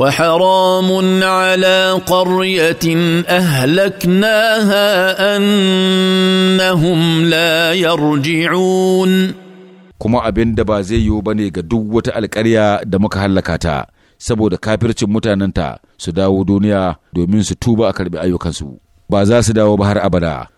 وحرام على قريه اهلكناها انهم لا يرجعون kuma abin da ba zai yiwu bane ga duk wata alkarya da muka hallaka ta saboda kafircin mutanen ta su dawo duniya domin su tuba a karbi ayyukansu ba za su dawo ba har abada